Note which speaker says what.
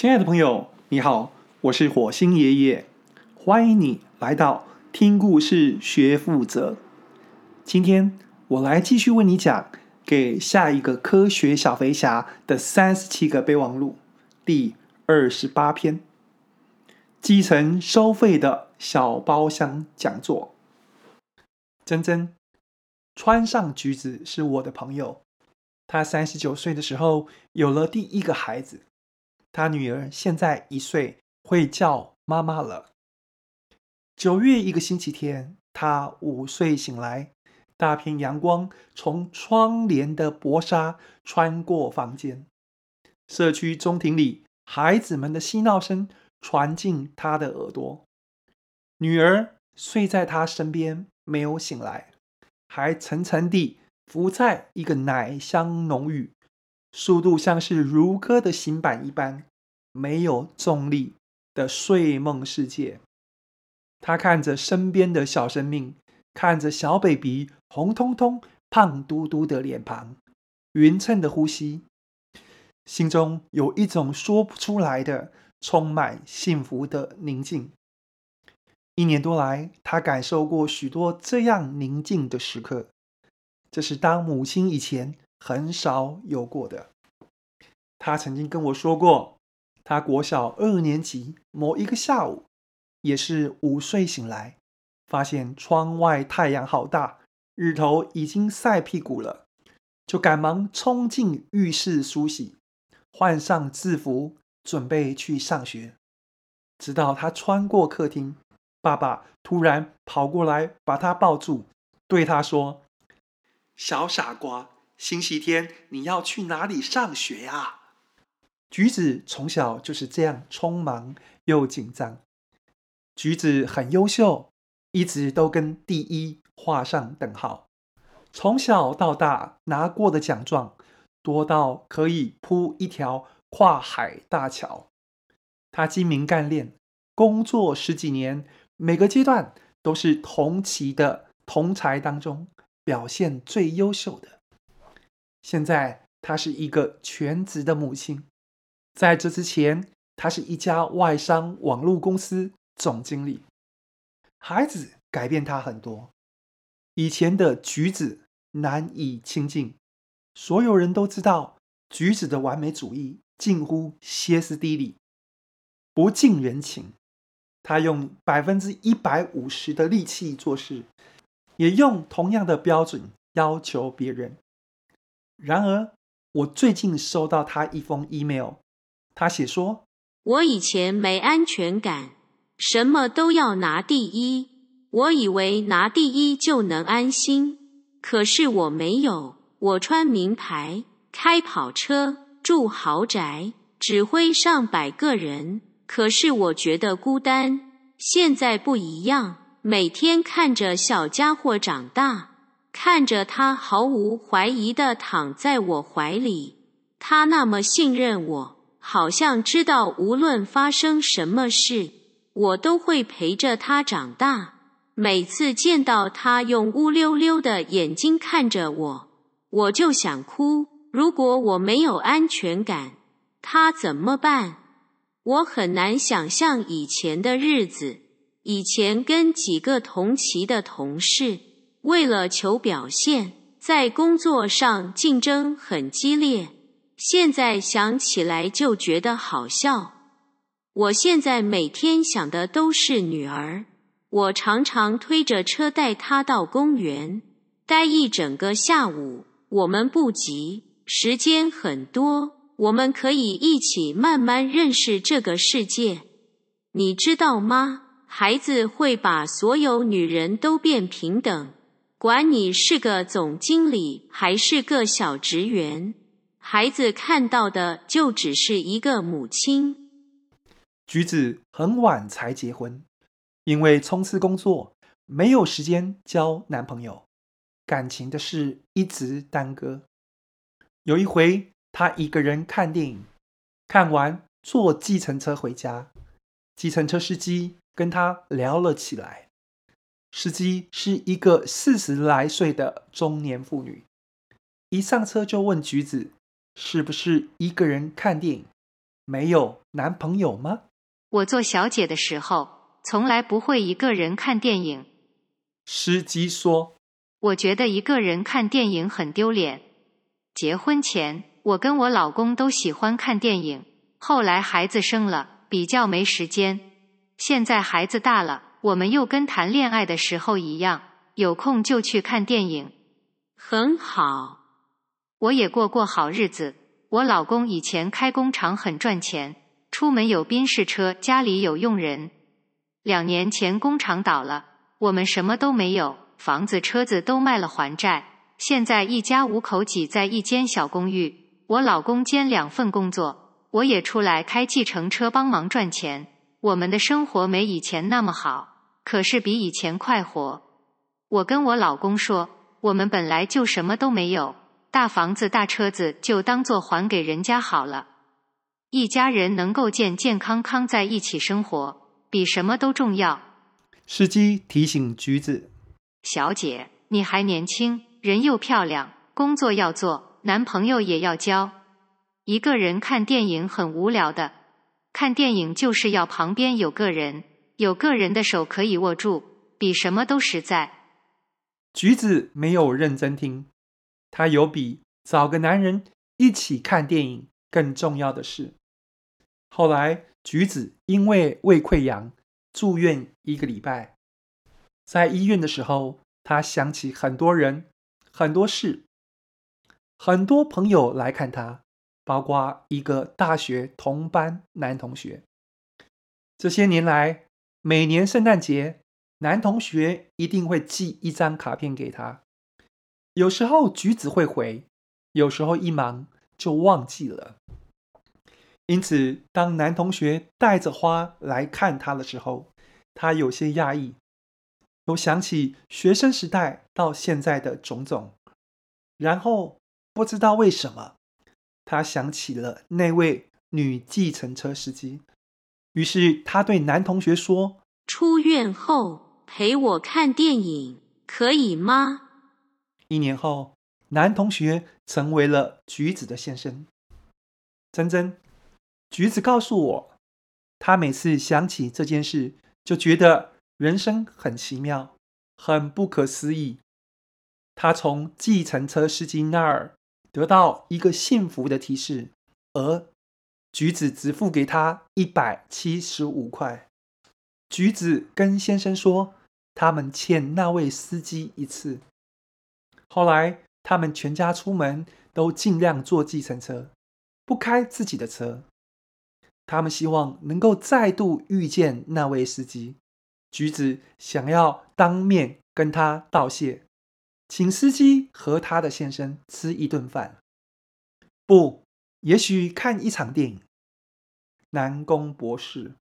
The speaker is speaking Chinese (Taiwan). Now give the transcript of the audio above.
Speaker 1: 親愛的朋友，你好，我是火星爺爺，歡迎你來到聽故事學富擇。今天我來繼續為你講給下一個科學小飛俠的三十七個備忘錄第二十八篇：計程收費的小包廂講座。珍珍，川上橘子是我的朋友，她三十九歲的時候有了第一個孩子。他女兒現在一歲，會叫媽媽了。九月一個星期天，他午睡醒來，大片陽光從窗簾的薄紗穿過房間，社區中庭裡孩子們的嬉鬧聲傳進他的耳朵。女兒睡在他身邊，沒有醒來，還沉沉地浮在一個奶香濃郁速度像是如歌的行板一般，沒有重力的睡夢世界。他看着身邊的小生命，看着小 baby 紅彤彤、胖嘟嘟的臉龐，勻稱的呼吸，心中有一種說不出來的、充滿幸福的寧靜。一年多來，他感受過許多這樣寧靜的時刻。這是當母親以前，很少有過的。他曾經跟我說過，他國小二年級某一個下午，也是午睡醒來，發現窗外太陽好大，日頭已經曬屁股了，就趕忙衝進浴室梳洗，換上制服，準備去上學。直到他穿過客廳，爸爸突然跑過來把他抱住，對他說：“小傻瓜。”星期天你要去哪裡上學呀、啊？橘子從小就是這樣匆忙又緊張。橘子很優秀，一直都跟第一畫上等號。從小到大拿過的獎狀多到可以鋪一條跨海大橋。他精明幹練，工作十幾年，每個階段都是同期的同儕當中表現最優秀的。現在，她是一個全職的母親。在這之前，她是一家外商網絡公司總經理。孩子改變她很多。以前的橘子難以親近，所有人都知道橘子的完美主義近乎歇斯底里，不近人情。她用百分之一百五十的力氣做事，也用同樣的標準要求別人。然而，我最近收到他一封 email，他寫說：“
Speaker 2: 我以前沒安全感，什麼都要拿第一，我以為拿第一就能安心，可是我沒有。我穿名牌，開跑車，住豪宅，指揮上百個人，可是我覺得孤單。現在不一樣，每天看着小家伙長大。”看着他毫無懷疑地躺在我懷裡，他那麼信任我，好像知道無論發生什麼事，我都會陪着他長大。每次見到他用烏溜溜的眼睛看着我，我就想哭。如果我沒有安全感，他怎麼辦？我很難想象以前的日子，以前跟幾個同期的同事。為了求表現，在工作上競爭很激烈。現在想起來就覺得好笑。我現在每天想的都是女兒。我常常推着車帶她到公園，待一整個下午。我們不急，時間很多，我們可以一起慢慢認識這個世界。你知道嗎？孩子會把所有女人都變平等。管你是個總經理還是個小職員，孩子看到的就只是一個母
Speaker 1: 親。橘子很晚才結婚，因為衝刺工作，沒有時間交男朋友，感情的事一直耽擱。有一回，她一個人看電影，看完坐計程車回家，計程車司機跟她聊了起來。司機是一個四十來歲的中年婦女，一上車就問橘子：“是不是一個人看電影？沒有男朋友嗎？”
Speaker 3: 我做小姐的時候，從來不會一個人看電影。
Speaker 1: 司機說：“
Speaker 3: 我覺得一個人看電影很丟臉。結婚前，我跟我老公都喜歡看電影，後來孩子生了，比較沒時間。現在孩子大了。”我們又跟談戀愛的時候一樣，有空就去看電影，很好。我也過過好日子，我老公以前開工廠很賺錢，出門有賓士車，家裡有傭人。兩年前工廠倒了，我們什麼都沒有，房子、車子都賣了還債。現在一家五口擠在一間小公寓，我老公兼兩份工作，我也出來開計程車幫忙賺錢。我們的生活沒以前那麼好，可是比以前快活。我跟我老公說，我們本來就什麼都沒有，大房子、大車子就當做還給人家好了。一家人能夠健健康康在一起生活，比什麼都重要。
Speaker 1: 司機提醒橘子
Speaker 3: 小姐：“你還年輕，人又漂亮，工作要做，男朋友也要交。一個人看電影很無聊的。”看電影就是要旁邊有個人，有個人的手可以握住，比什麼都實在。
Speaker 1: 橘子沒有認真聽，她有比找個男人一起看電影更重要的事。後來，橘子因為胃潰瘍住院一個禮拜，在醫院的時候，她想起很多人、很多事、很多朋友來看她。包括一個大學同班男同學，這些年來，每年聖誕節，男同學一定會寄一張卡片給他。有時候橘子會回，有時候一忙就忘記了。因此，當男同學帶着花來看他的時候，他有些訝異，又想起學生時代到現在的種種，然後不知道為什麼。他想起了那位女計程車司機，於是他對男同學說：“
Speaker 2: 出院後陪我看電影，可以嗎？”
Speaker 1: 一年後，男同學成為了橘子的先生。真真，橘子告訴我，他每次想起這件事，就覺得人生很奇妙，很不可思議。他從計程車司機那兒。得到一個幸福的提示，而橘子只付給他一百七十五塊。橘子跟先生說，他們欠那位司機一次。後來，他們全家出門都盡量坐計程車，不開自己的車。他們希望能夠再度遇見那位司機。橘子想要當面跟他道謝。請司機和他的先生吃一頓飯，不，也許看一場電影。南宮博士。